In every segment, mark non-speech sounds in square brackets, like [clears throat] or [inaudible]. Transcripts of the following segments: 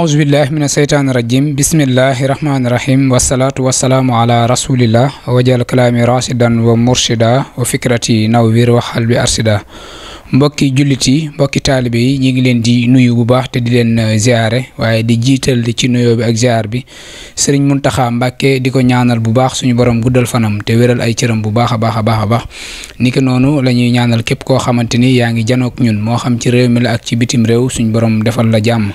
ahousubillah min a seytaani rajim bismillahi rahmaanirahim wasalaatu wasalaamu ala rasulillah wajal kalaami rasidan wa murshida wa fikrati nawwir wa bi arsida mbokki jullit yi mbokki taalibe yi ñu ngi leen di nuyu bu baax te di leen uh, ziare waaye di jiital ci nuyoo bi ak ziar bi mun Muntaxa Mbàkke di ko ñaanal bu baax suñu borom guddal fanam te wéral ay cëram bu baax a baax a baax a baax ni ki noonu la ñuy ñaanal képp koo xamante ni yaa ngi janook ñun moo xam ci réew mi la ak ci bitim réew suñu borom defal la jàmm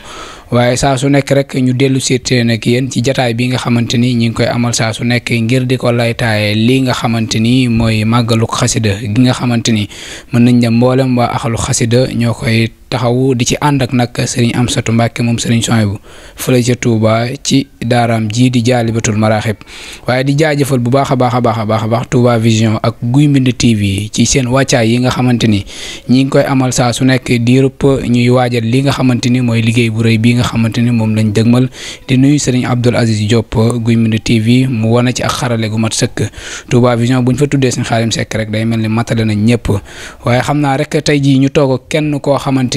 waaye saa su nekk rek ñu dellu seetee nag yéen ci jataay bi nga xamante ni ñi ngi koy amal saa su nekk ngir di ko laytaaye lii nga xamante ni mooy màggalug xasida gi nga xamante ni mën nañ dem mboolem waa axalu xasida ñoo koy taxawu di ci ànd ak nag sëriñ Amsatu Mbàkke moom sëriñ Sohaybu fële ca Touba ci daaraam ji di jaalibatul maraaxib waaye di jaajafal bu baax a baax a baax a baax a baax Touba Vision ak Guy Mbind TV ci seen wàccaay yi nga xamante ni ñi ngi koy amal saa su nekk di rëpp ñuy waajal li nga xamante ni mooy liggéey bu rëy bii nga xamante ni moom lañ dëgmal di nuyu sëriñ Abdoul Aziz Diop Guy Mbind TV mu wane ci ak xarale gu mat sëkk Touba Vision buñ fa tuddee seen Xaadim Seck rek day mel ni matale nañ ñëpp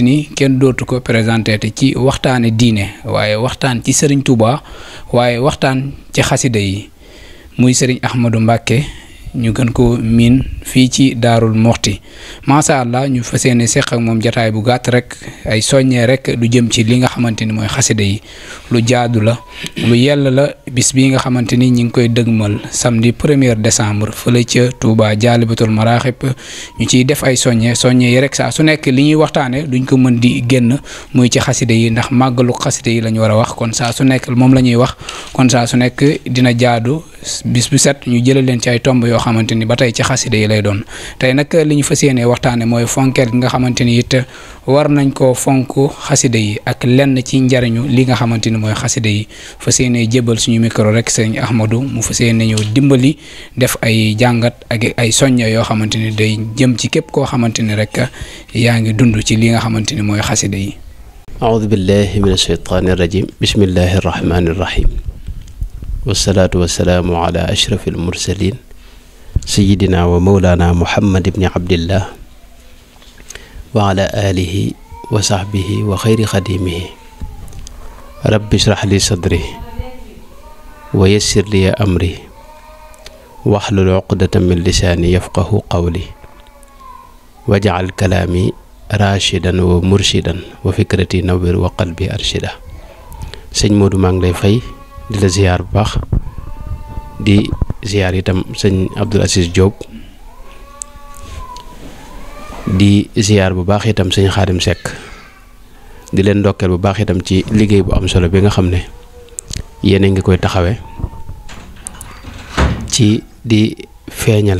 nii kenn dootu ko présenté te ci waxtaane diine waaye waxtaan ci sëriñ Touba waaye waxtaan ci xasida yi muy sëriñ Ahmadou Mbacke ñu gën ko miin fii ci Daarul Moxti macha allah ñu fas yéene seq ak moom jataay bu gàtt rek ay soññee rek du jëm ci li nga xamante ni mooy xasida yi lu jaadu la lu yell la bis bi nga xamante ni ñi ngi koy dëgmal samedi premier décembre fële ca Touba jaalibatul maraaxib ñu ciy def ay soññe soññe yi rek saa su nekk li ñuy waxtaane duñ ko mën di génn muy ci xaside yi ndax màggalu xaside yi la war a wax kon saa su nekk moom la ñuy wax kon su nekk dina jaadu bis bu set ñu jëlee leen ci ay tomb yoo xamante ni ba tey ci xaside yi lay doon tey nag li ñu fas yéenee waxtaane mooy fonkeel gi nga xamante ni it war nañ ko fonk xaside yi ak lenn ci njariñu li nga xamante ni mooy xaside yi fas yéenee jébal suñu suñu micro rek sëriñ Ahmadou mu fas yéene ñëw dimbali def ay jàngat ak ay soñña yoo xamante day jëm ci képp koo xamante rek yaa ngi ci li nga xamante ni mooy yi aoudu billahi min asheytaani irrajim bismillahi arrahmani irrahim wasalaatu wasalaamu ala ashrafi almursalin sayidina wa maulana muhammad ibni abdillah wa ala alihi wa sahbihi wa xayri xadimihi rabbi israh li sadri ويسر لي أمري واحلل عقدة من لساني يفقه قولي وجعل كلامي راشدا ومرشدا وفكرتي نور وقلبي أرشدا سيد مود مانغ لي فاي دي زيار دي زيار سيد عبد العزيز جوب دي زيار بو باخ سيد خادم سك دي لين دوكال بو باخ تام بيغا خامني yene ngi koy taxawé ci di feeñal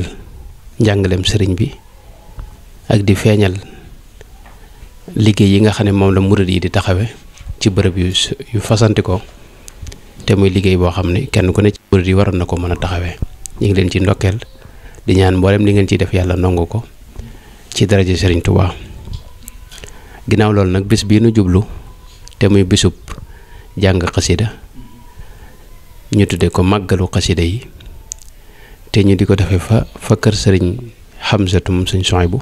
janggalem serigne bi ak di feeñal liggéey yi nga xam mom la mourid yi di taxawé ci bërëb yu yu fasanti ko té muy liggéey bo xam kenn ku ne ci murid yi waroon na ko mën a ngi leen ci ndokkel di ñaan mbolem li ngeen ci def yalla nongo ko ci daraaje serigne touba ginaaw lool nak bis bi nu jublu té muy bisub jang qasida ñu tudde ko màggalu xasida yi te ñu di ko defee fa fa kër sëriñ Xamsatu moom sëñ bu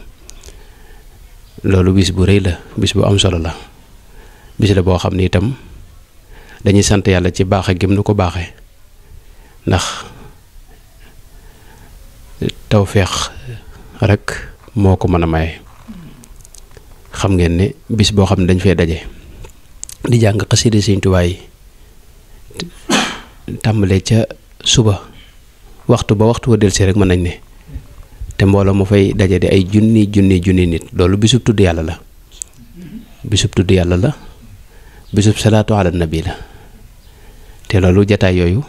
loolu bis bu rëy la bis bu am solo la bis la boo xam ne itam dañuy sant yàlla ci baaxe gém nu ko baaxee ndax tawféex rekk moo ko mën a maye xam ngeen ne bis boo xam ne dañ fee daje di jàng xasida sëñ Tuubaa tàmbalee ca suba waxtu ba waxtu wa delsi rek mën nañ ne te mbolo mo fay Juni di ay junni junni junni nit lolou bisub tuddu yalla la bisub tuddu yalla la bisub salatu ala nabi la te lolou jataay yoyu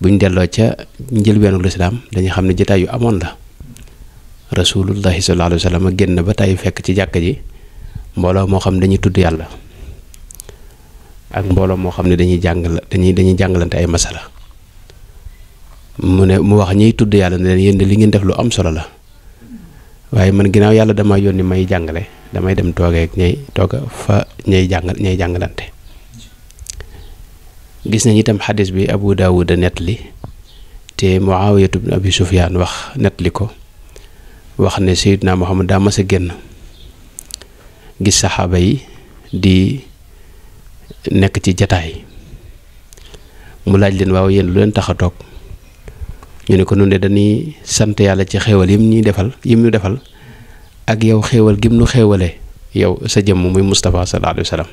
buñ delloo ca njëlbeenu wénu l'islam dañu ne jataay yu amon la Rasulullah sallallahu alaihi wasallam genn ba tay fekk ci jakk ji mbolo mo xam dañu tuddu yalla ak mbolo mo xamne dañuy jangal dañuy dañuy jangalante ay masala mu ne mu wax ñi tuddu yalla ne yeen li ngeen def lu am solo la waye man ginaaw yalla dama yoni may jangale damay dem toge ak ñay toga fa ñay jangal ñay jangalante gis nañ tam hadith bi abu daawuda netli te muawiyah ibn abi sufyan wax netli ko wax ne sayidna muhammad da ma sa genn gis sahaba yi di nekk ci jataay mu laaj leen waaw yéen lu leen tax a toog ñu ne ko nun de dañuy sant yàlla ci xéewal yim ñuy defal yim ñu defal ak yow xéewal gim nu xéewale yow sa jëmm muy Moustapha sallallahu alayhi wa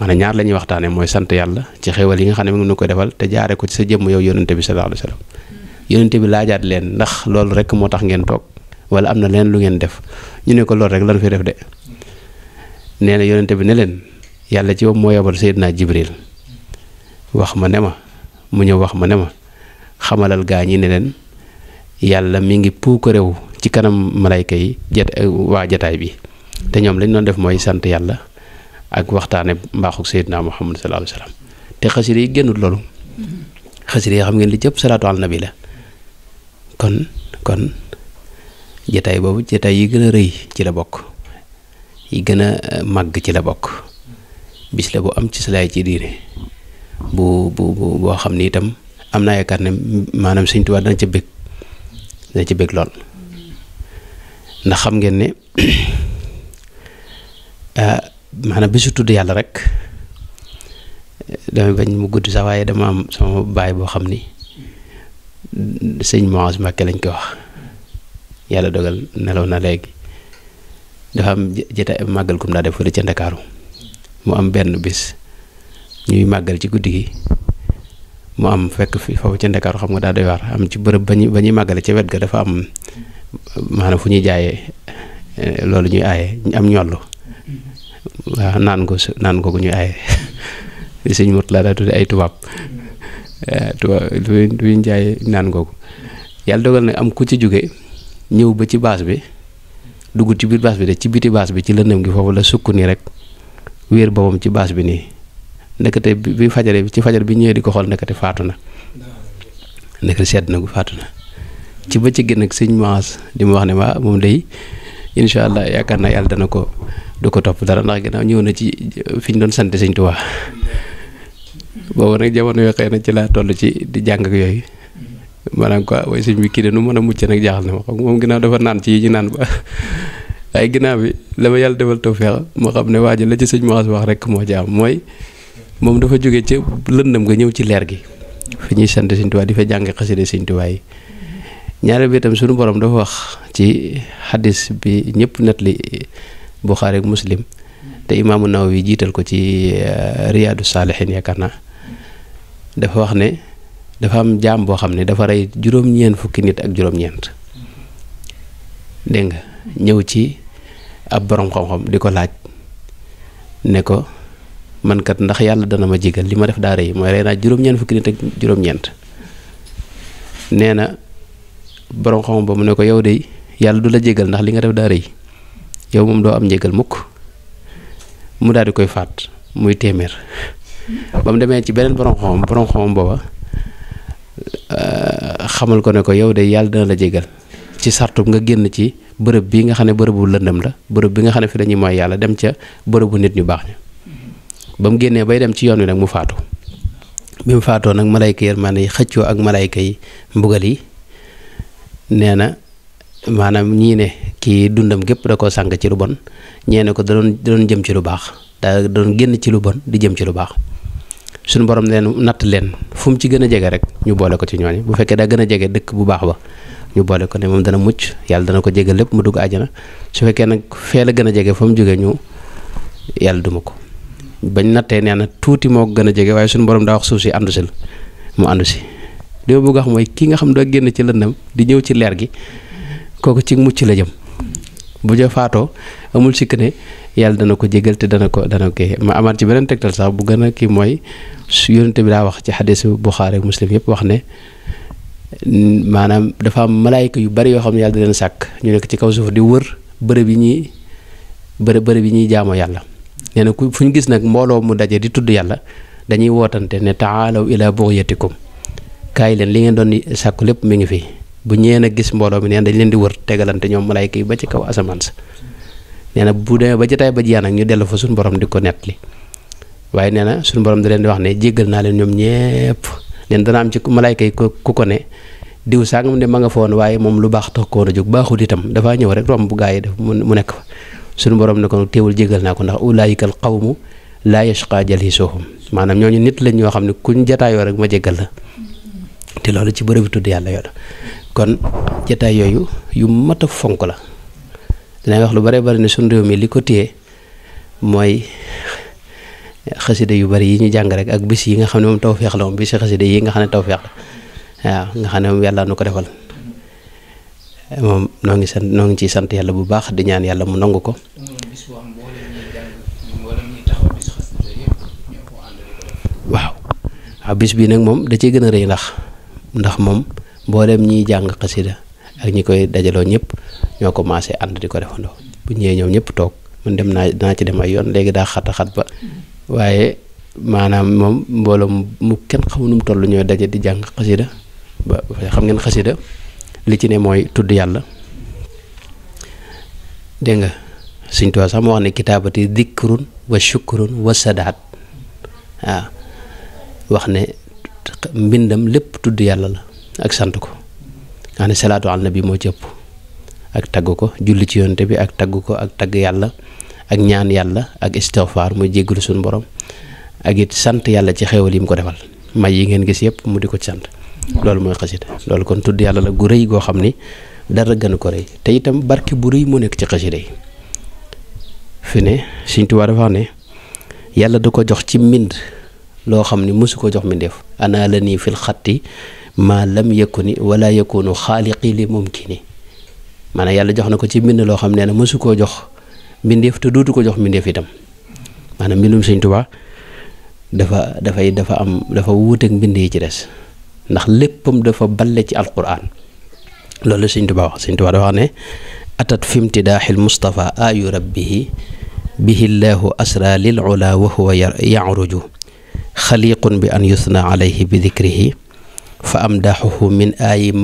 sallam ñaar la ñuy waxtaanee mooy sant yàlla ci xéewal yi nga xam ne mu ngi ko defal te jaare ko ci sa jëmm yow yonente bi sallallahu alayhi wa sallam bi laajaat leen ndax loolu rek moo tax ngeen toog wala am na leen lu ngeen def ñu ne ko loolu rek lan fi def de nee na yonente bi ne leen. yàlla ci bopp moo yabal Seydina Jibril wax ma ne ma mu ñëw wax ma ne ma xamalal gaa ñi ne leen yàlla mi ngi puukarewu ci kanam malayka yi jat waa jataay bi te ñoom lañ doon def mooy sant yàlla ak waxtaane mbaaxu Seydina Muhammad sallallahu alayhi wa te xasida yi loolu xasida yi xam ngeen li cëpp salaatu al nabi la kon kon jataay boobu jataay yi gën a rëy ci la bokk yi gën a euh, màgg ci la bokk bis la bu am ci salaay ci diine bu bu boo xam ni itam am naa yaakaar ne maanaam Sëñ Tuubaa dana ca bëgg dana ca bëgg lool ndax xam ngeen ne [clears throat] ah, maanaam bisu tudd yàlla rek damay bañ mu gudd sax waaye dama am sama baay boo xam ni sëñ Maas Mbàkke lañ ko wax yàlla dogal nelaw na léegi dafa am jëta màggal kum daa def fële ca Ndakaaru mu am benn bis ñuy màggal ci guddi gi mu am fekk fi foofu ca Ndakaaru xam nga daa doy waar am ci bërëb ba ñuy ba ñuy màggale ca wet ga dafa am maanaam fu ñuy jaaye eh, loolu ñuy aaye am ñollu waaw naan ko naan ko ñuy aaye [laughs] li suñ mut la daa tudde ay tubaab eh, tubaab lu ñu jaayee naan googu yàlla dogal nag am ku ci jóge ñëw ba ci baas bi dugg ci biir baas bi de ci biti baas bi ci lëndëm gi foofu la sukk nii rek wéer boppam ci baas bi nii nekkate bi fajare ci fajar bi ñëwee di ko xool nekkate faatu na nekkate sedd na gu faatu na ci bëccëg gi nag sëñ Maas di mu wax ne ma moom day incha allah yaakaar naa yàlla dana ko du ko topp dara ndax ginnaaw ñëw na ci fi doon sant sëñ Tuubaa boobu nag jamono yoo xëy ci laa toll ci di jàng ak yooyu maanaam ah, quoi way sëñ bi kii de nu mën a mucc nag jaaxal na ma xam moom dafa naan ci yi ñu naan ba [laughs] waaye ginnaaw bi dama yàlla defal tawféex ma xam ne waa ji la ci sëñ Maas wax rek moo jaam mooy moom dafa jóge ca lëndëm nga ñëw ci leer gi fi ñuy sant Sëñ Tuubaa di fa jàng xasida Sëñ Tuubaa yi ñaareel bi itam suñu borom dafa wax ci xadis bi ñëpp netli Buxaari ak Muslim te imaamu yi jiital ko ci eh, Riyaadu Saalihiin yaakaar naa dafa wax ne dafa am jaam boo xam ne dafa rey juróom-ñeent fukki nit ak juróom-ñeent dégg ñëw ci ab borom xam-xam di ko laaj ne ko man kat ndax yàlla dana ma jégal li ma def daa rëy mooy rey naa juróom-ñeent fukki nit ak nee na borom xam-xam ba mu ne ko yow de yàlla du la jégal ndax li nga def daa rëy yow moom doo am njégal mukk mu daal di koy faat muy téeméer ba mu demee ci beneen borom xam-xam borom xam booba euh, xamal ko ne ko yow de yàlla dana la jégal ci sartu nga génn ci. bërëb bii nga xam ne bërëbu bu lëndëm la bërëb bi nga xam ne fi dañuy mooy yàlla dem ca bërëbu nit ñu baax ña ba mu génnee bay dem ci yoon wi nag mu faatu bi faatoo nag malayka yërmaande yi xëccoo ak malayka yi mbugal yi nee na maanaam ñii ne kii dundam gépp da ko sànq ci lu bon ñee ne ko da doon jëm ci lu baax da doon génn ci lu bon di jëm ci lu baax suñu borom nu natt leen fu mu ci gën a jege rek ñu boole ko ci ñooñu bu fekkee daa gën a jege dëkk bu baax ba ñu boole ko ne moom dana mucc yàlla dana ko jégal lépp mu dugg àjjana su fekkee nag fee la gën a jege fa mu jógee ñu yàlla duma ko bañ nattee nee na tuuti moo gën a jege waaye suñu borom daa wax suuf si àndu si la mu àndu si li ma bëgg wax mooy kii nga xam doo génn ci lëndam di ñëw ci leer gi kooku ci mucc la jëm bu ja faatoo amul sikk ne yàlla dana ko jégal te dana ko dana ko ma amaat ci beneen tegtal sax bu gën a kii mooy te bi daa wax ci xadisu Buxaari ak Muslim yëpp wax ne maanaam dafa am malaayka yu bari yoo xam ne yàlla da leen sàkk ñu nekk ci kaw suuf di wër bërëb yi ñuy bërë bërëb yi ñuy jaamoo yàlla nee na ku fu ñu gis nag mbooloo mu daje di tudd yàlla dañuy wootante ne taalaw ila bughiyatikum kaay leen li ngeen doon sàkku lépp mu ngi fi bu ñëwee nag gis mbooloo mi neen dañ leen di wër tegalante ñoom malaayka yi ba ci kaw asamaan sa nee na bu demee ba jotaay ba jiyaan nag ñu dellu fa suñu borom di ko nettali waaye nee na suñu borom da leen di wax ne jéggal naa leen ñoom neen dana am ci malaayka yi ku ko ne diw mu de ma nga foon waaye moom lu baax tax koon a jóg baaxut itam dafaa ñëw rek romb gaa yi def mu nekk fa suñu boroom ne ko teewul jégal naa ko ndax kal ulaayikal qawmu laa yashqa jalisuhum maanaam ñooñu nit lañ ñoo xam ne kuñ jataayoo rek ma jégal la te loolu ci bërëb bi tudd yàlla yoo kon jataay yooyu yu mat a fonk la dinañ wax lu bare bari ne suñu réew mi li ko téye mooy xasida yu bari yi ñu jàng rek ak bis yi nga xam ne moom tawfeex la moom bisi xasida yi nga xam ne tawfeex la waaw nga xam ne moom yàlla nu ko defal moom noo ngi sant noo ngi ciy sant yàlla bu baax di ñaan yàlla mu nangu ko waaw waaw bis bi nag moom da cee gën a rëy ndax ndax moom mboolem ñiy jàng xasida ak ñi koy dajaloo ñëpp ñoo ko maasee ànd di ko defandoo bu ñëwee ñoom ñëpp toog man dem naa dinaa ci dem ay yoon léegi daa xat a xat ba waaye maanaam moom mbooloo mu kenn xamu nu mu toll ñooy daje di jàng xasida ba xam ngeen xasida li ci ne mooy tudd yàlla dégg nga Sëñ Tuubaa sax mu wax ne kitaabati dikrun wa shukrun wa sadaat waaw wax ne mbindam lépp tudd yàlla la ak sant ko nga ne salaatu na nabi moo ci ak tagg ko julli ci yonte bi ak tagg ko ak tagg yàlla ak ñaan yàlla ak istighfar muy jéggalu suñu borom ak it sant yàlla ci xéewal yi mu ko defal may yi ngeen gis yëpp mu di ko sant loolu mooy xasida loolu kon tudd yàlla la gu rëy goo xam ni dara gënu ko rëy te itam barke bu rëy mu nekk ci xasida yi fi ne Sëñ Tuubaa dafa ne yàlla du ko jox ci mbind loo xam ni mosu koo jox mbindeef ana la nii fil xatti maa lam yëkku ni wala yëkkoonu xaaliqi li mumkini maanaam yàlla jox na ko ci mbind loo xam ne na mosu koo jox mbindeef te dootu ko jox mbindeef itam maanaam mbindum sëñ Tuubaa dafa dafay dafa am dafa wuuteeg mbind yi ci res ndax léppam dafa balle ci alquran loolu la sëñ Tuubaa wax sëñ Tuubaa dafa wax ne atat fi imtidaaxil Mustafa ayu rabbihi bihi llahu asra lil ula wa huwa yaruju xaliqun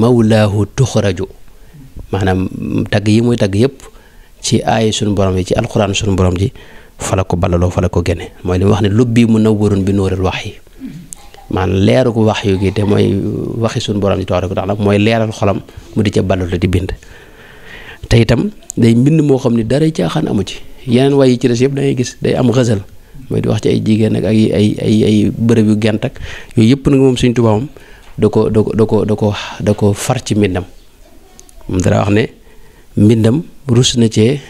mawlaahu tuxraju maanaam tagg yi muy tagg yëpp ci aay sunu borom yi ci alxuraan sunu borom ji fala ko ballaloo fala ko gene mooy li mu wax ne lubbi mu nawwarun bi nuuril wax yi maanaam leeru ko wax yu gi te mooy waxi sunu borom ji tabaaraka taala mooy leeral xolam mu di ca ballalu di bind te itam day mbind moo xam ne dara caaxaan amu ci yeneen way ci des yëpp da gis day am xësal mooy di wax ci ay jigéen ak ay ay ay yu gent yëpp nag moom suñ tubaabam da ko da ko da ko da da ko far ci mbindam moom dara wax ne mbindam rus na ce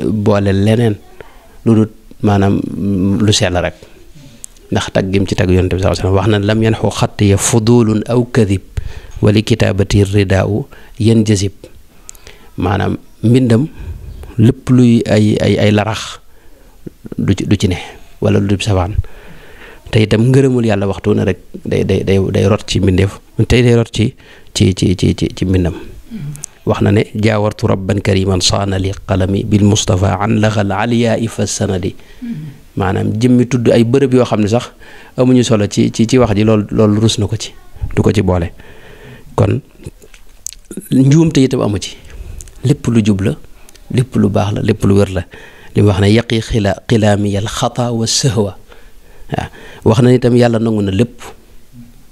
boole leneen lu dul maanaam lu sell rek ndax tag gim ci tag yoon bi sallallahu alayhi wasallam wax na lam yanxu xatt ya fudulun aw kadib wali kitaabati ridaau yen jasib maanaam mbindam lépp luy ay ay ay larax du ci du ci ne wala lu dul safaan te itam ngërëmul yàlla waxtu na rek day day day rot ci mbindeef tey day rot ci ci ci ci mbindam mm-hmm. wax na ne jaawartu rabban kariman saana li qalami bil mustafa an laxal aliyaa fa sanadi maanaam jëmmi tudd ay bërëb yoo xam ne sax amuñu solo ci ci ci wax ji lool loolu rus na ko ci du ko ci boole kon njuumte itam amu ci lépp lu jub la lépp lu baax la lépp lu wér la li mu wax ne yaqi xila xilaami yal xata wa sëhwa wax na itam yàlla nangu na lépp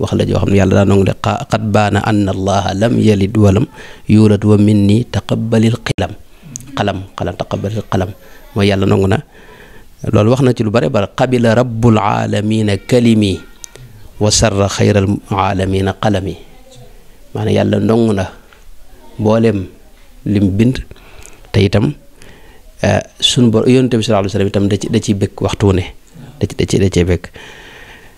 wax la joo xam ne yàlla daa nangu ne qad baana anna allaha lam yalid walam yuulad wa minni taqabbalil xilam xalam xalam taqabbalil xalam mooy yàlla nangu na loolu wax na ci lu bare bare qabila rabbul aalamiina kalimi wa sarra xayral aalamiina qalami maanaam yàlla nangu na mboolem lim bind te itam eh, sunu bor yonent bi sallallaahu alayhi wa ciy bëgg waxtu ne da ci da ci bëgg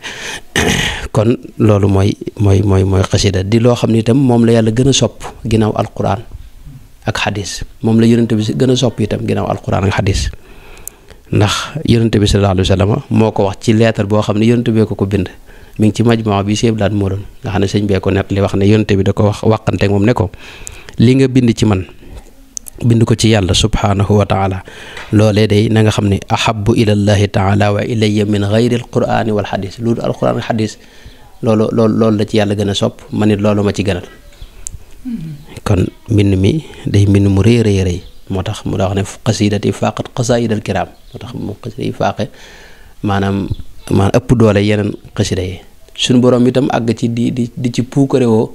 [coughs] kon loolu mooy mooy mooy mooy xasida di loo xam ne itam moom la yàlla gën a sopp ginnaaw alquran ak xadis moom la yonente bi gën a sopp itam ginnaaw alquran ak xadis ndax yonente bi sallallahu alayhi wa moo ko wax ci leetar boo xam ne yonente bee ko ko bind mu ngi ci majmaa bi séeb daan moo nga xam ne sëñ bee ko net li wax ne yonente bi da ko wax wàqante moom ne ko li nga bind ci man bind ko ci yàlla subhaanahu wa taala loolee day na nga xam ne ahabu ilallahi taala wa ilayya min gayri alqurani wal xadis loolu alquran ak xadis loolu loolu loolu la ci yàlla gën a sopp ma nit loolu ma ci gënal kon mbind mi day mbind mu rëy rëy rëy moo tax mu daa wax ne xasidat yi faaqat xasaid al kiram moo tax mu xasida yi faaqe maanaam maanaam ëpp doole yeneen xasida yi suñu borom itam àgg ci di di di ci puukarewoo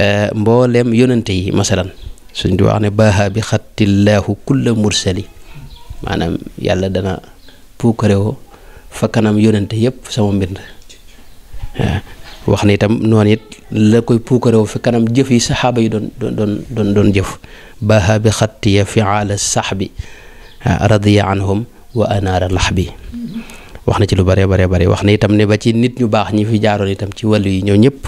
eh, mbooleem yonente yi masalan suñ di wax ne baaxa bi xattillaahu kulla mursali maanaam yàlla dana puukarewoo fa kanam yónente yëpp sama mbind wax na itam noonu it la koy puukarewoo fi kanam jëf yi saxaaba yi doon doon doon doon jëf baaxa bi xattiya fiala saxbi radiya anhum wa anaara lax bi wax na ci lu bare bare bare wax na itam ne ba ci nit ñu baax ñi fi jaaroon itam ci wàllu yi ñoo ñëpp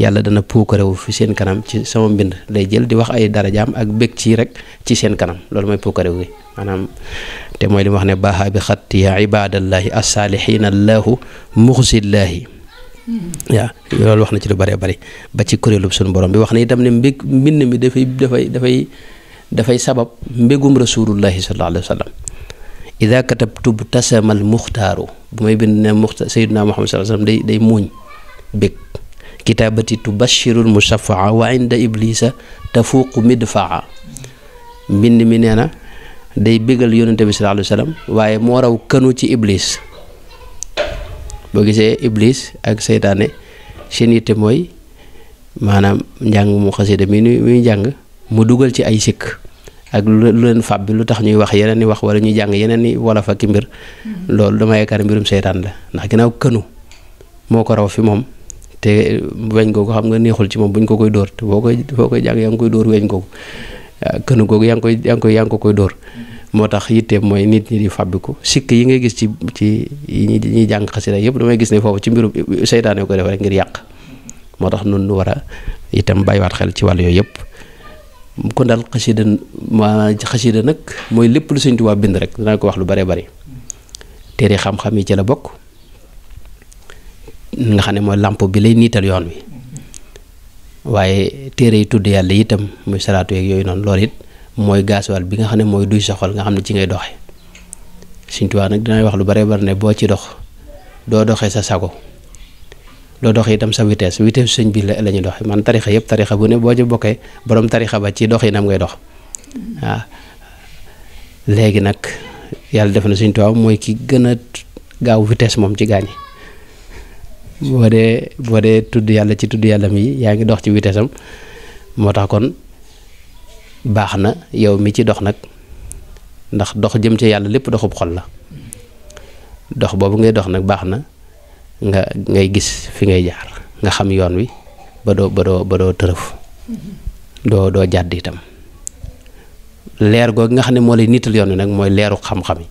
yàlla dana puukarewu fi seen kanam ci sama mbind lay jël di wax ay darajaam ak bég ci rek ci seen kanam loolu mooy puukarewu maanaam te mooy li wax ne baaxa bi xatti ya ibadallahi assaalihiina allahu muxsillaahi waaw loolu wax na ci lu bëree bëri ba ci kuréelub suñu borom bi wax na itam ne mbég mbind mi dafay dafay dafay dafay sabab mbegum rasulullahi sallallahu alayhi wa sallam ida katabtu tasamal muxtaaru bu may bind ne muxta sayiduna muhammad sallallahu alayhi wasallam day day muuñ bég kitaabati tubashirul musafaa wa inda iblisa tafuuqu midfaa mbind mi nee na day bégal yonente bi sallallahu alayhi wasallam waaye moo raw kënu ci iblis boo gisee iblis ak seytaane seen yitte mooy maanaam njàng mu xasida mi nuy njàng mu dugal ci ay sikk ak lu len fab bi lutax ñuy wax yeneen ni wax wala ñuy jang yeneen wala fa ki mbir mm-hmm. lool dama yakkar mbirum setan la ndax ginaaw keñu moko raw fi mom te weñ googu xam nga neexul ci mom buñ ko koy dóor te bokoy bokoy jang yang koy dóor weñ googu ah, keñu googu yang koy yang koy yang koy dóor mm-hmm. motax yitte moy nit ñi di Fabiku. sik yi nga gis ci ci ñi ñuy jàng xasida yëpp gis ne fofu ci mbirum yu ko def rek ngir yàq motax nun nu wara itam xel ci walu yoyep kon daal xasida ma xasida nag mooy lépp lu Sëñ Tuubaa bind rek danaa ko wax lu bare bari téere xam-xam yi ci la bokk nga xam ne mooy làmpo bi lay niital yoon wi waaye téere yi tudd yàlla itam muy salaatu yeeg yooyu noonu loolu it mooy gaasuwaal bi nga xam ne mooy duy soxal nga xam ne ci ngay doxe Sëñ Tuubaa nag dinay wax lu bare bari ne boo ci dox doo doxee sa sago loo dox itam sa vitesse vitesse sëñ bi la la ñu dox man tarixa yëpp tarixa bu ne boo ci bokkee borom tarixa ba ci dox yi nam ngay dox waaw léegi nag yàlla def na sëñ Tuubaa mooy ki gën a gaaw vitesse moom ci gaañi boo dee boo dee tudd yàlla ci tudd yàlla mi yaa ngi dox ci vitesse moo tax kon baax na yow mi ci dox nag ndax dox jëm ci yàlla lépp doxub xol la dox boobu ngay dox nag baax na nga ngay gis fi ngay jaar nga xam yoon wi ba doo ba doo ba doo tërëf mm-hmm. doo doo jàdd itam leer googu nga xam ne moo lay niital yoon wi nag mooy leeru xam-xam yi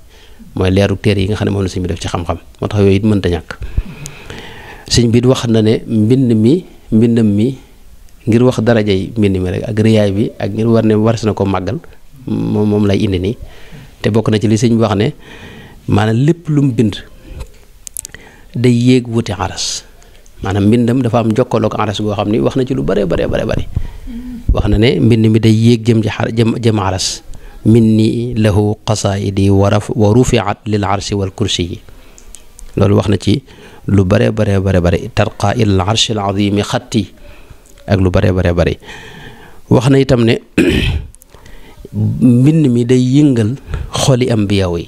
mooy leeru téere yi nga xam ne moom la sëñ ci xam moo tax yooyu it mënta ñàkk mm-hmm. sëñ na ne mbind mi mbindam mi ngir wax daraja yi mbind mi rek ak bi ak ngir war ne waris na màggal moom moom lay indi nii te bokk na ci li sëñ bi wax ne maanaam lépp lum bind day yéeg wuti aras maanaam mbindam dafa am jokkaloog aras goo xam ni wax na ci lu bare bare bare bëri wax na ne mbind mi day yéeg jëm ci jëm jëm aras minni lahu qasaidi waraf wa rufiat lil arsi loolu wax na ci lu bare bare bare bëri tarqa ilal al azimi xatti ak lu bare bare bëri wax na itam ne [clears throat] mbind mi day yëngal xoli am biyaw yi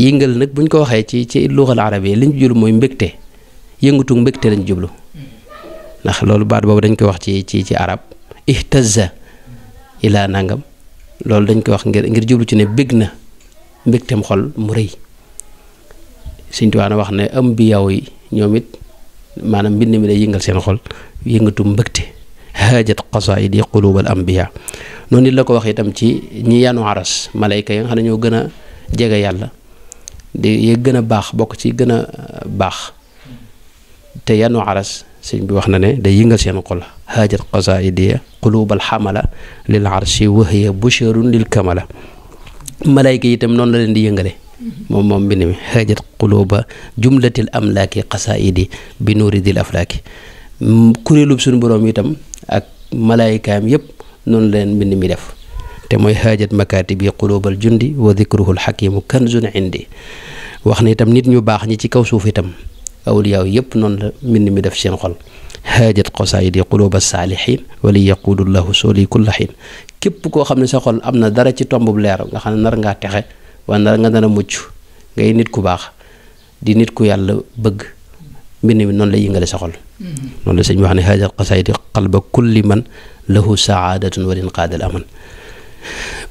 yëngal nag bu ñu ko waxee ci ci luxal arabiya li ñu mooy mbégte yëngatu mbégte lañ jublu ndax loolu baat boobu dañ koy wax ci ci ci arab ihtaza ilaa nangam loolu dañ koy wax ngir ngir jublu ci ne bég na mbégteem xol mu rëy Sëñ Tuubaa wax ne am bi yow yi ñoom it maanaam mbind mi day yëngal seen xol yëngatu mbëgte haajat qasaid yi qulubal ambiya noonu it la ko wax itam ci ñi yanu aras malayka yi nga xam ne ñoo gën a jege yàlla di ye a baax bokk ci gën a euh, baax te yanu aras sëñ bi wax na ne day yëngal seen xol haajat qasaidiya qulubal xamala lil arshi wa hiya busharun lil kamala malayka itam noonu la leen di yëngale moom moom mbind mi haajat quluba jumlatil amlaaki qasaidi bi nuuri dil aflaaki kuréelub suñu boroom itam ak malaykaam yëpp noonu la leen mbind mi def te mooy xaajat makaati bi quluubal jundi wa dikruhu alxakimu kanzun indi wax na itam nit ñu baax ñi ci kaw suuf itam awliyaaw yëpp noonu la mbind mi def seen xol xaajat qosaayidi quluuba saalihin wali yaquudullahu sooli kulla xiin képp koo xam ne sa am na dara ci tombub leer nga xam ne nar ngaa texe wala nar nga dana mucc ngay nit ku baax di nit ku yàlla bëgg mbind mi noonu la yëngale sa xol mm-hmm. noonu la sëñ bi wax ne xaajat qosaayidi qalba kulli man lahu saadatun wa linqaadal aman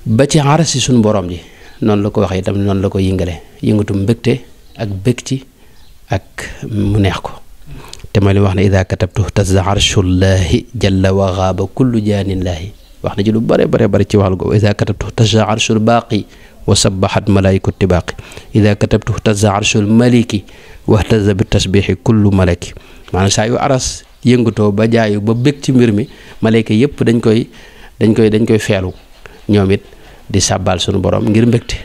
ba ci aras si suñu boroom ji noonu la ko waxee itam noonu la ko yëngale yëngatu mbëgte ak bëgti ak neex ko te ma li wax ne ida katabtu tazza arshullaahi jalla wa xaaba kullu jaanillaahi wax na ji lu bare bare bare ci waxal googu ida katabtu tazza arshul baaqi wa sabaxat malaayikatu tibaaqi ida katabtu tazza arshul maliki waxtaza bi tasbixi kullu malaki maanaam saa yu aras yëngatoo ba jaayu ba bëgg ci mbir mi malayka yëpp dañ koy dañ koy dañ koy feelu ñoom it di sàbbaal sunu borom ngir mbégte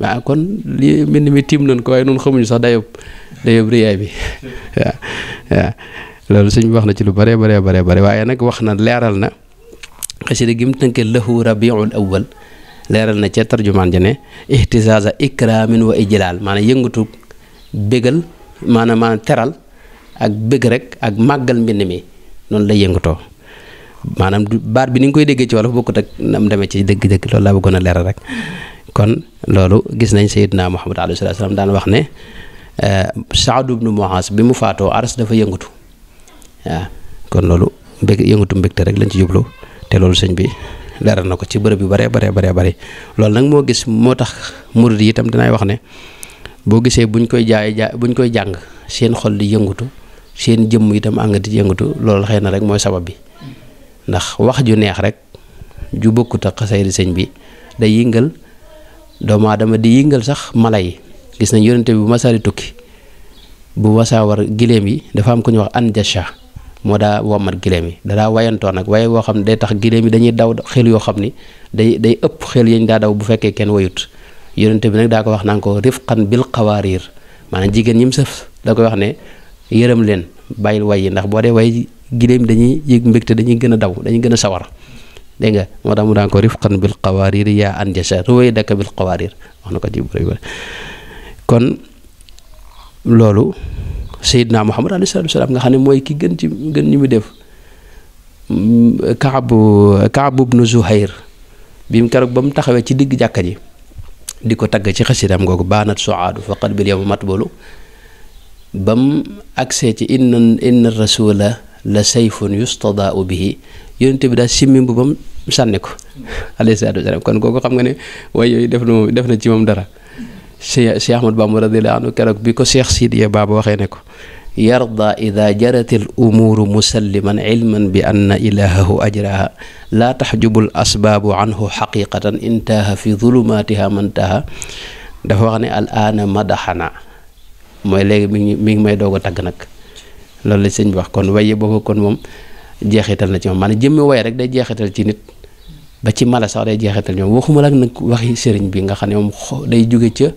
waaw kon li mbind mi tiim nañ ko waaye noonu xamuñu sax dayob dayob riyaay bi [laughs] waaw waaw loolu suñ wax na ci lu bare bare bare bare waaye nag wax na leeral na xasida gi mu tënkee lahu rabiul awwal leeral na ca tarjumaan ja ne ihtisaaza ikraamin wa ijlaal maanaam yëngatu bégal maanaam maanaam teral ak bëgg rek ak màggal mbind mi noonu la yëngatoo maanaam baat bi ni nga koy déggee ci wolof bokkut ak nam demee ci dëgg-dëgg loolu laa bëggoon a leeral rek kon loolu gis nañ Seydina Muhammad alayhi salaatu salaam daan wax ne eh, Saad ibnu Muaas bi mu faatoo aras dafa yëngatu waaw kon loolu mbég yëngatu mbégte rek lañ ci jublu te loolu sëñ bi leeral na ko ci bërëb yu bare bare bare bare loolu nag moo gis moo tax murid yi itam dinaay wax ne boo gisee buñ koy jaay jaay buñ koy jàng seen xol di yëngatu seen jëmm itam àng di yëngatu loolu xëy na rek mooy sabab bi ndax wax ju neex rek ju bokkut ak xasaydi sëñ bi day yëngal doomu aadama di yëngal sax mala yi gis nañ yonente bi bu masaali tukki bu wasaawar giléem yi dafa am ku ñuy wax anjasha moo daa wommat giléem yi dadaa wayantoo nag waaye woo xam ne day tax giléem yi dañuy daw xel yoo xam ni day day ëpp xel yañ daa daw bu fekkee kenn wayut yonente bi nag daa ko wax naan ko rifqan bil xawaariir maanaam jigéen ñim mu sëf da koy wax ne yërëm leen bàyyil way yi ndax gilem dañuy yëg mbekté dañuy gëna daw dañuy gëna sawar dégg nga moo tax ko rifqan bil qawarir ya an jasa ruway daka bil qawarir waxna ko ci bëri kon lolu sayidna muhammad sallallahu alaihi wasallam nga xam moy ki gën ci gën ñu def kaabu kaabu ibn zuhair bim mu bam taxawé ci digg jàkka ji di ci khasidam gogu banat su'ad faqad bil bam accès ci inna inna rasula la sayfun yustadaau bihi yonente bi daal simmi mbubam sànni ko alayhi salaatu wasalaam kon kooku xam nga ne waaye yooyu def na def na ci moom dara Cheikh Ahmad Bamba radiyallahu anhu keroog bi ko Cheikh Sidiya Baba waxee ne ko yarda ida jarat al umuuru musalliman ilman bi anna ilahahu ajraha laa taxjubu l asbaabu anhu xaqiqatan intaha fi zulumatiha mantaha dafa wax ne al aana madaxana mooy léegi mi ngi mi ngi may doog a tagg nag loolu la sëñ bi wax kon waye boobu kon moom jeexital na ci moom a jëmmi waye rek day jeexital ci nit ba ci mala sax day jeexital ñoom waxuma lak nag waxi sëriñ bi nga xam ne moom day jóge ca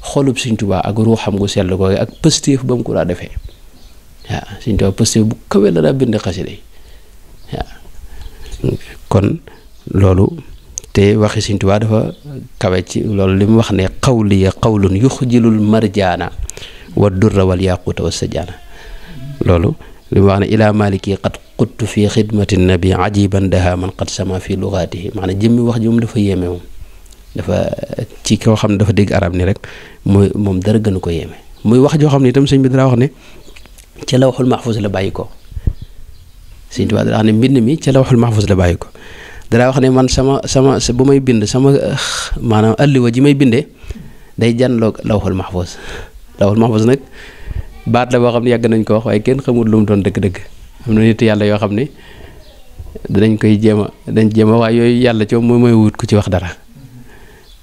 xolub Sëriñ Tuubaa ak ruuxam gu sell googu ak pëstéef ba mu defee waaw Sëriñ Tuubaa bu kawee la daa bind xasida kon loolu te waxi Sëriñ Tuubaa dafa kawe ci loolu li mu wax ne xawli ya xawlun yuxjilul marjaana wa durra wal yaquuta sa sajaana loolu li mu wax ne ilaa maliki qad quttu fi xidmati nabi ajiban daha man qad sama fi lugaatihi maanaam jëmmi wax ji moom dafa yéeme moom dafa ci ko xam ne dafa dégg arab ni rek mooy moom dara gënu ko yéeme muy wax joo xam ne itam sëñ bi dara wax ne ca waxul mahfuz la bàyyi ko sëñ Tuubaa dara wax ne mbind mi ca lawxul mahfuz la bàyyi ko dara wax ne man sama sama bu may bind sama maanaam alliwa ji may bindee day jànloog lawxul mahfuz lawxul mahfuz nag baat la bo xamni yag nañ ko wax way kenn xamul lu mu doon deug deug am na nit yàlla yo xamni ne koy jema dañ jema way yoy yàlla ci moom moy wut ku ci wax dara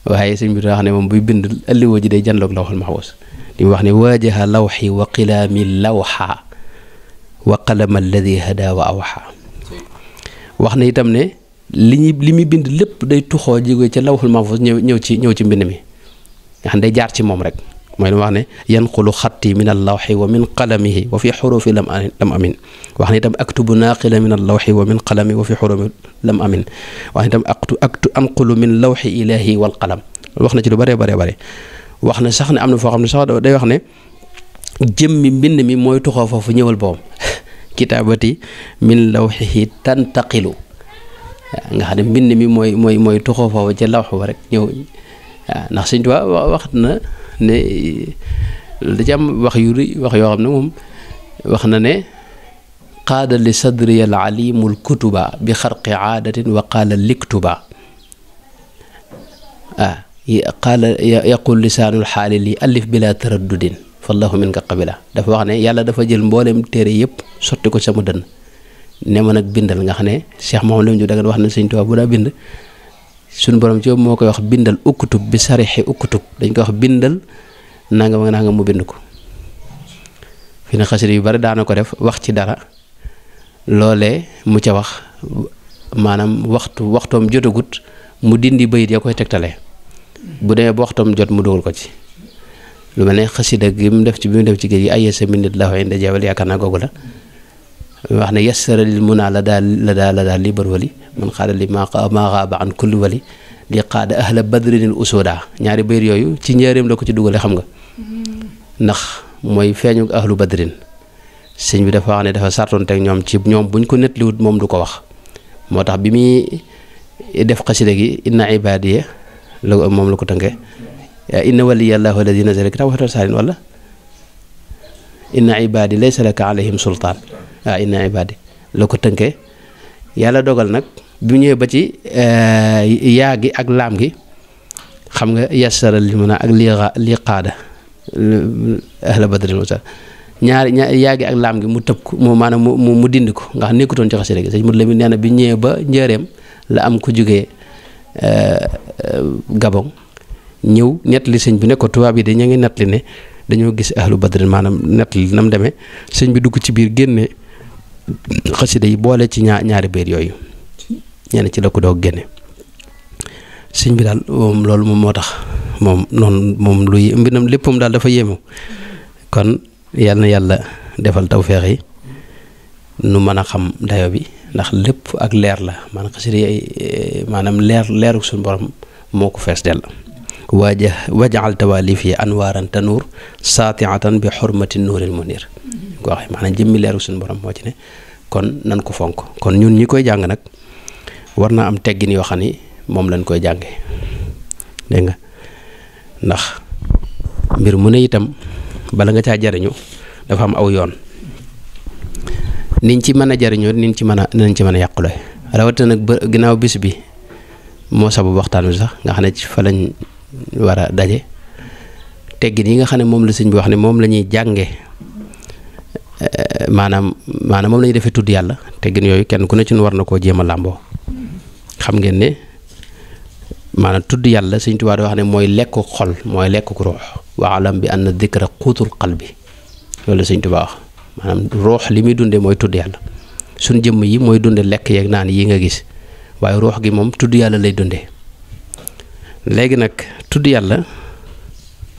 waaye sëñ bi tax ne mom buy bind alliwa ji day jandok la maxwus li di wax ne wajaha lawhi wa qilami lawha wa qalam alladhi hada wa awha wax ne itam ne li ñuy li muy bind lépp day tuxo jigo ci lawhul mahfuz ñëw ci ñëw ci mbind mi nga xam day jaar ci mom rek mooy dama wax ne yanqulu xatti min allawxi wa min qalamihi wa fi xurufi lam lam amin wax ne itam aktubu naaqila min allawxi wa min qalami wa fi xurufi lam amin wax ne itam aktu aktu anqulu min lawxi ilahi wal qalam wax na ci lu bëree bëree bëri wax na sax ne am na foo xam ne sax day wax ne jëmmi mbind mi mooy tuxoo foofu ñëwal boom [laughs] kitaabati min lawxihi tantaqilu nga xam ne mbind mi mooy mooy mooy tuxoo foofu ca lawx ba rek ñëw waaw ndax Sëñ Tuubaa wax na ne da ci am wax yu rëy wax yoo xam ne moom wax na ne qaada li sadriya al alimu lkutuba bi xarqi aadatin wa qaala liktuba ah qaala yaqul lisaanul li alif bila taraddudin fallahu min ka qabila dafa wax ne yàlla dafa jël mboolem téere yëpp sotti ko sama dënn ne ma nag bindal nga xam ne Cheikh Mouhamadou Lamine Diop da nga wax na Sëñ Tuubaa bu daa bind suñu borom ci moo koy wax bindal ukkutub bi sarixi ukkutub dañ koy wax bindal nangam ak nangam mu bind ko fi ne xasida yu bari daana ko def wax ci dara loolee mu ca wax maanaam waxtu waxtoom jotagut mu dindi bayit ya koy tegtale bu demee ba waxtoom jot mu dugal ko ci lu mel ne xasida gi mu def ci bi mu def ci géej gi ay yasa minit la xooy nda jabal yaakaar naa googu la wax ne yasara lil mun naa la daal la daal la daal li man xaada li maa xaaba an kulli wali li xaada ahla badrinil usuda ñaari bayit yooyu ci njëreem la ko ci dugale xam nga ndax mooy feeñu ahlu badrin sëñ bi dafa wax ne dafa sartoon teg ñoom ci ñoom buñ ko nettaliwut moom du ko wax moo tax bi muy def xasida gi inna ibadiya la moom la ko tënkee inna waliyallahu alladi nazala kitab waxtal saalin wala inna ibadi laysa laka alayhim sultaan waaw inna ibadi la ko tënkee yàlla dogal nag bu ñëwee ba ci eh, yaa gi ak laam gi xam nga yasaral li mun a ak lii qaada ahla badrin wasar ñaari ñaar yaa gi ak laam gi mu tëb ko mu maanaam mu mu dindi ko nga xam nekkutoon ci xasida gi sëñ Modou Lamine bi ñëwee ba njëreem la am ku jógee eh, Gabon ñëw nett li sëñ bi ne ko tubaab yi de ñu ngi nett li ne dañoo gis ahlu badrin maanaam nett li nam demee sëñ bi dugg ci biir génne xasida yi boole ci ñaar ñaari béer yooyu ñenn ci la ko doog génne sëñ bi daal loolu moom moo tax moom noonu moom luy mbiram léppam daal dafa yéemu kon yal na yàlla defal tawféex yi nu mën a xam dayo bi ndax lépp ak leer la maanaam xasida yi eh, maanaam leer leeru suñu borom moo ko fees dell waaja wajaal tawaalif yi anwaaran tanuur saatiatan bi xurmati nuuril munir ko waxee maanaam jëmmi leeru suñu borom moo ci ne kon nan ko fonk kon ñun ñi koy jàng nag Warna am teggin yo xani mom lañ koy jànge dé nga ndax mbir mu ne itam bala nga ca jarignu dafa am aw yoon niñ ci mëna jarignu niñ ci mëna nañ ci mëna yaqulay rawata nak ginaaw bis bi mo sabu waxtaan sax nga xam ci fa lañ wara dajé daje teggin yi nga xam mom la señ bi wax ni mom lañuy ñuy eh, manam manam mom moom defé ñuy yalla tudd kenn ku ne ci warna ko jema lambo xam ngeen ni maanaam tudd yàlla Sëñ Tuubaa wax ne mooy lekku xol mooy lekk ruux wa alam bi anna dikra quutul qalbi loolu Sëñ Tuubaa wax maanaam ruux li muy dunde mooy tudd yàlla suñ jëmm yi mooy dunde lekk yeeg naan yi nga gis waaye roox gi moom tudd yàlla lay dunde léegi nag tudd yàlla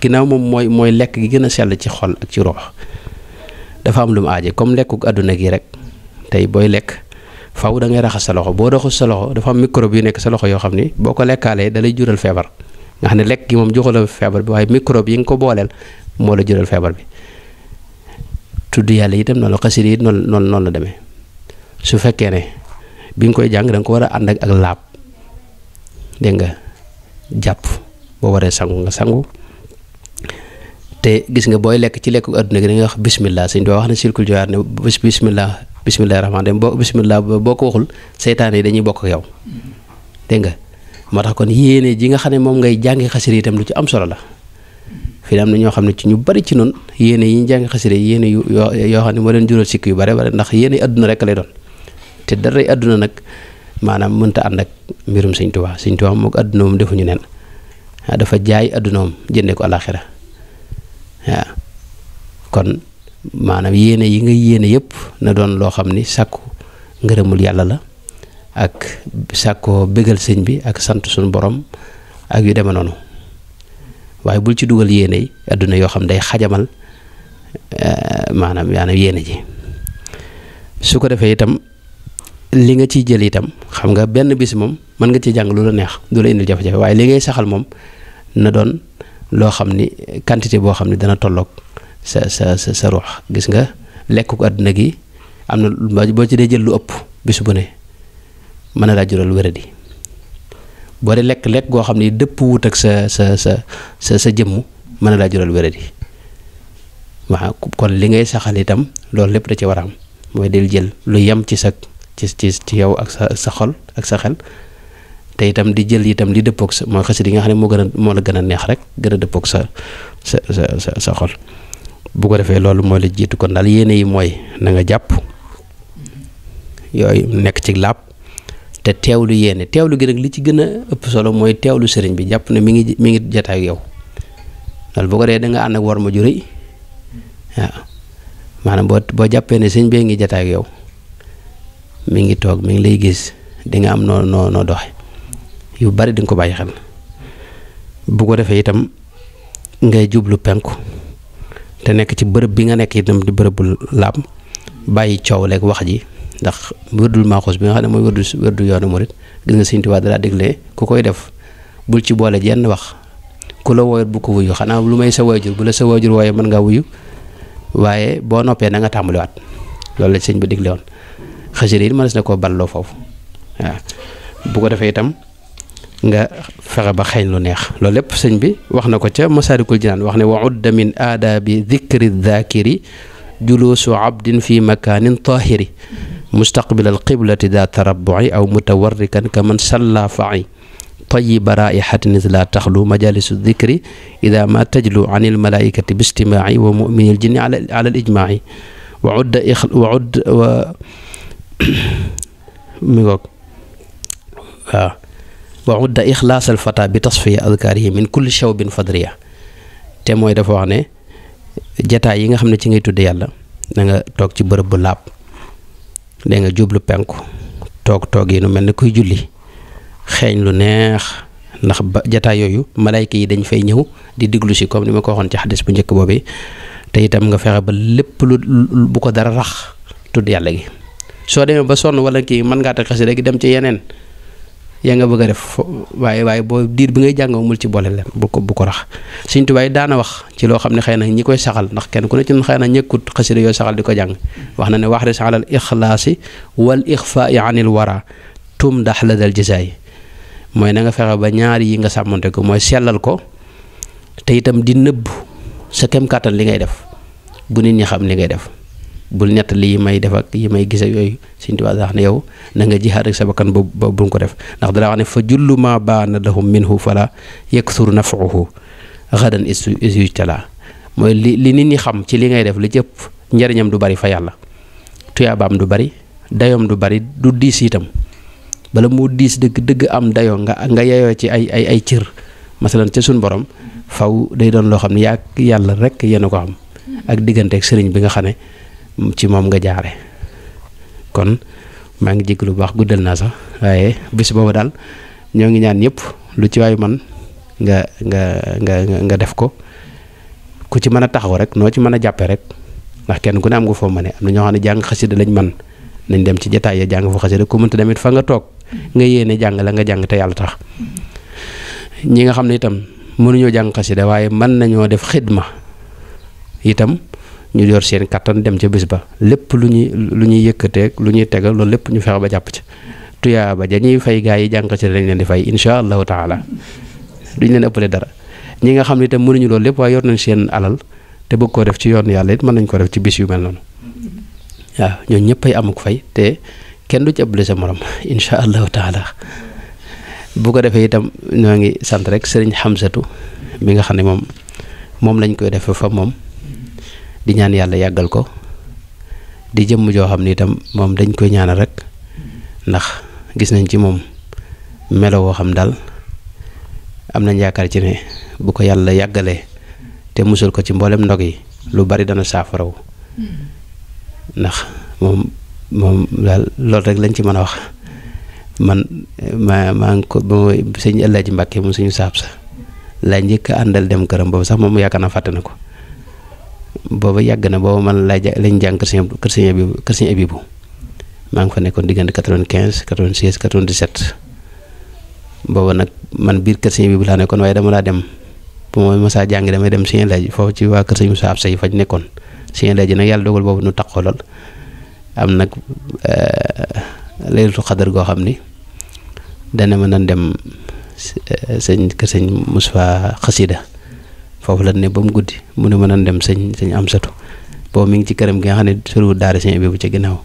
ginnaaw moom mooy mooy lekk gi gën a sell ci xol ak ci ruux dafa am lu mu aaje comme lekku àdduna gi rek tey booy lekk faw da ngay raxas sa loxo boo raxas sa loxo dafa am microbe yu nekk sa loxo yoo xam ni boo ko lekkaalee dalay jural feebar nga xam ne lekk gi moom joxu la feebar bi waaye microbe yi nga ko booleel moo la jural feebar bi tudd yàlla itam noonu la xasida it noonu noonu noonu la demee su fekkee ne bi nga koy jàng da ko war a ànd ak ak laab dégg nga jàpp boo waree sangu nga sangu te gis nga booy lekk ci lekk adduna gi da wax bismillah sëñ bi wax na silkul jowaar ne bis bismillah bismillahi rahmaan rahim boo bismillah boo ko waxul seytaan yi dañuy bokk yow dégg nga moo tax kon yéene ji nga xam ne moom ngay jàngi xasida itam lu ci am solo la fii ne am na ñoo xam ne ci ñu bari ci noonu yéene yi ñu jàngi xasida yéene yoo xam ne moo leen jural sikk yu bare bare ndax yéene adduna rek lay doon te dara àdduna nag maanaam mënta ànd ak mbirum sëñ Tuubaa sëñ Tuubaa mook adduna moom defuñu neen dafa jaay adduna moom jëndee ko àlaxira kon maanaam yéene yi nga yéene yëpp na doon loo xam ni sàkku ngërëmul yàlla la ak sàkkoo bégal sëñ bi ak sant suñu boroom ak yu dema noonu waaye bul ci dugal yéene yi àdduna yoo xam day xajamal eh, maanaam yaana yéene ji su ko defee itam li nga ciy jël itam xam nga benn bisi moom mën nga ci jàng lu la neex du la indil jafe-jafe waaye li ngay saxal moom na doon loo xam ni quantité boo xam ni dana tolloog sa sa sa sa gis nga lekk ko àddina gi am na boo ci dee jël lu ëpp bis bu ne mën na laa jural wéradi boo dee lekk lekk goo xam ni dëpp ak sa sa sa sa sa jëmm mën na laa jural wéradi waaw kon li ngay saxal itam loolu lépp da ci war a am mooy del jël lu yem ci sa ci ci ci yow ak sa sa xol ak sa xel. te itam di jël itam li depok sa mooy xasida di nga xam mo gëna mo la gëna a neex rek gëna depok sa sa sa sa xol bu ko defé loolu mo la jiitu kon dal yene yi moy na nga japp yoy nek ci làpp te tewlu yene tewlu gi nak li ci gëna a ëpp solo moy tewlu sëriñ bi japp ne mi ngi mi ngi jataay yow dal bu ko dee da nga and ak war ma juri rëy manam bo bo jappé ne sëñ bi ngi jataay yow mi ngi tok mi ngi lay gis di nga am no no no doxé yu bari di nga ko bàyyi xel bu ko defee itam ngay jublu penku te nekk ci bërëb bi nga nekk itam di bërëbul laab bàyyi coow leeg wax ji ndax wërdul maaxoos bi nga xam ne mooy wërdu wërdu yoonu murit gis nga Sëñ Tuubaa dalaa déglee ku koy def bul ci boole jenn wax ku la wooyut bu ko wuyu xanaa lu may sa waajur bu la sa waajur wooyee mën ngaa wuyu waaye boo noppee na nga tàmbaliwaat loolu la sëñ bi digle woon xasida yi mënees na koo balloo foofu waaw bu ko nga fexe ba xayn lu neex loolu lépp sëñ bi wax na ko ca masarikul jinan wax ne wa udda min adabi dhikri dhakiri julusu abdin fi makaanin taahiri mustaqbila qiblati da tarabbu'i aw mutawarrikan kaman salla fa'i طيب رائحة لا تخلو مجالس الذكر إذا ما تجلو عن الملائكة باستماعي ومؤمن الجن على, على الإجماع وعد إخل وعد و ميغوك آه. wa udda ikhlas al fata bi tasfiya adkaarihi min kulli shawbin fadriya te mooy dafa wax ne jataay yi nga xam ne ci ngay tudd yàlla da nga toog ci bërëb bu laab da nga jublu penku toog toog yi nu mel ni kuy julli xeeñ lu neex ndax ba jataay yooyu yi dañ fay ñëw di diglu si comme ni ma ko waxoon ci xadis bu njëkk boobu te itam nga fexe ba lépp lu bu ko dara rax tudd gi ba wala dem ci yaa nga bëgg a def waaye waaye boo diir bi ngay jàngoo mu ci boole leen bu ko bu ko rax Sëñ Tuubaa yi daana wax ci loo xam ne xëy na ñi koy saxal ndax kenn ku ne ci ñun xëy na ñëkkut xasida yoo saxal di ko jàng wax na ne waxris alal ixlaasi wal ixfaai anil wara tum dax la dal jisaay mooy na nga fexe ba ñaari yi nga sàmmante ko mooy sellal ko te itam di nëbb sa kem kàttan li ngay def bu nit ñi xam li ngay def bul nettali li may def ak yi may gis ak yooyu Sëñ Tuubaa sax ne yow na nga jihad ak sa bakkan ba bu ko def ndax dara wax ne fa jullu ma baana lahum minhu fala yaksuru naf'uhu ghadan isu tala moy li li nit ñi xam ci li ngay def li jëpp njariñam du bari fa tuya tuyaabaam du bari dayom du bari du dis itam bala mo dis deug deug am dayong, nga nga yayo ci ay ay ay cër masalan ci sun borom faw day doon lo xamni yak yalla rek yéen ko am ak digganteeg serigne bi nga xam ci moom nga jaare kon maa ngi jégg lu baax guddal naa sax waaye bis boobu daal ñoo ngi ñaan ñëpp lu ci waay man nga nga nga def ko ku ci man a taxaw rek noo ci mën a jàppe rek ndax kenn ku ne am nga foo mëne am na ñoo xam ne jàng xasida lañ man nañ dem ci jataay ya jàng fu xasida ku mënta demit fa nga toog nga yéene jàng la nga jàng te yàlla tax ñi nga xam ne itam mënuñoo jàng xasida waaye mën nañoo def xidma itam ñu yor seen kattan dem ca bis ba lépp lu ñuy lu ñuy yëkkateeg lu ñuy tegal loolu lépp ñu fexe ba jàpp ci tuyaa ba dañuy fay gaa yi jànq ci lañ leen di fay incha allahu taala duñ leen ëppale dara ñi nga xam ne itam mënuñu loolu lépp waa yor nañ seen alal te bëgg koo def ci yoon yàlla it mën nañ ko def ci bis yu mel noonu waaw ñooñu ñëpp ay amuk fay te kenn du ci ëppale sa morom [laughs] incha allahu taala bu ko defee itam ñoo ngi sant rek sëriñ Xamsatu mi nga xam ne moom moom lañ koy defee fa moom. di ñaan yàlla yàggal ko di jëmm joo xam ni itam moom dañ koy ñaanal rek ndax gis nañ ci moom melo woo xam daal am nañ yaakaar ci ne bu ko yàlla yàggalee te musul ko ci mbooleem ndog yi lu bari dana saafaraw ndax moom moom daal loolu rek lañ ci mën a wax man ma maa ko ba sëñ Alaaji Mbàkke moom suñu saab sa laa njëkk àndal dem këram boobu sax moom yaakaar naa fàtte na ko booba yàgg na booba man laa lañ jàng kër sëñ kër sëñ Abibu kër sëñ Abibu maa ngi fa nekkoon diggante 95 96 97 booba nag man biir kër sëñ Abibu laa nekkoon waaye dama laa dem bu ma masaa jàng damay dem sëñ Laaji foofu ci waa kër sëñ Musaa Absa yi fañ nekkoon sëñ Laaji nag yàlla dogal boobu nu taxoo lool am nag eh, laylatul xadar goo xam ni dana ma nan dem eh, sëñ kër sëñ Musaa xasida foofu la ne ba mu guddi mu ne mën nan dem sañ sëñ Amsatu boobu mi ngi ci këram gi nga xam ne soriwul daara sëñ bi bu ca ginnaaw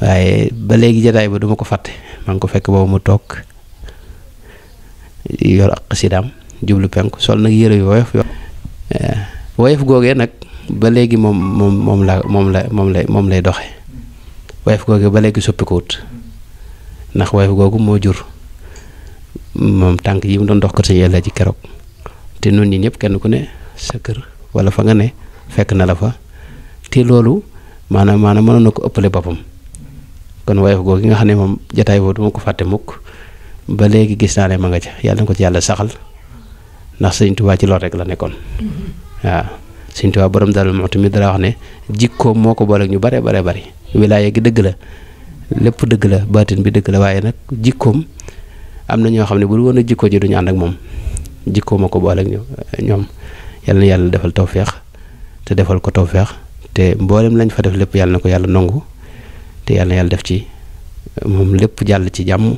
waaye ba léegi jataay ba duma ko fàtte maa ngi ko fekk boobu mu toog yor ak xasidaam jublu penku sol nag yëre yu woyof yor woyof googee nag ba léegi moom moom moom la moom la moom lay moom lay doxe woyof googee ba léegi soppi ko wut ndax woyof googu moo jur moom tànk yi mu doon dox ko sëñ yàlla ci keroog te noonu ñi ñëpp kenn ku ne sa kër wala fa nga ne fekk na la fa te loolu maanaam maanaam mën na ko ëppale boppam kon woyof googu nga xam ne moom jataay boobu duma ko fàtte mukk ba léegi gis naa ne ma nga ca yàlla na ko ci yàlla saxal ndax sëñ Tuubaa ci loolu rek la nekkoon waaw sëñ Tuubaa borom daal moom tamit dara wax ne jikkoom moo ko booleeg ñu bare bare bari wilaaya gi dëgg la lépp dëgg la baatin bi dëgg la waaye nag jikkoom am na ñoo xam ne bu woon a jikko ji ànd ak moom jikkoo ma ko boole ak ñoom yàlla na yàlla defal tawféex te defal ko tawféex te mboolem lañ fa def lépp yàlla na ko yàlla nangu te yàlla yàlla def ci moom lépp jàll ci jàmm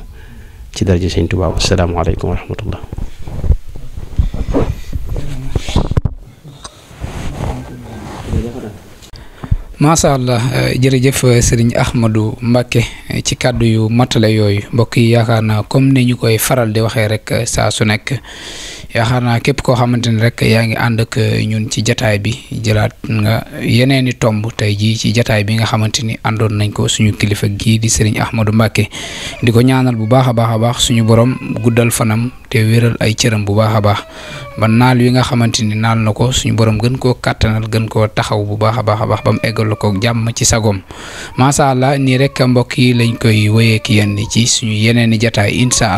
ci daraja Sëñ Tuubaa asalaamaaleykum wa rahmatullah macha allah eh, jërëjëf eh, sëriñ Ahmadou Mbacké eh, ci kàddu yu matale yooyu mbokk yi yaakaar naa comme ni ñu koy faral di waxee rek saa su nekk. yaakaar naa képp koo xamante ni rek yaa ngi ànd ak eh, ñun ci jataay bi jëlaat nga yeneen i tomb tey jii ci jataay bi nga xamante ni àndoon nañ ko suñu kilifa gii di Serigne Ahmadou Mbacké di ko ñaanal bu baax a baax a baax suñu borom guddal fanam te wéral ay cëram bu baax a baax ba naal wi nga xamante ni naal na ko suñu boroom gën koo kàttanal gën koo taxaw bu baax a baax a baax ba mu eggal ko jàmm ci sagoom macha allah nii rek mbokk yi lañ koy wéyeek yenn ci suñu yeneen i jataay incha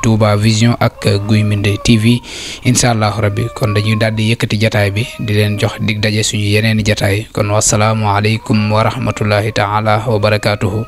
touba vision ak guymide tv inchallahu rabbi kon dañuy daal di yëkkati jataay bi di leen jox dig daje suñu yeneeni jataay kon wassalaamu aleykum wa rahmatullahi taala wa barakatuhu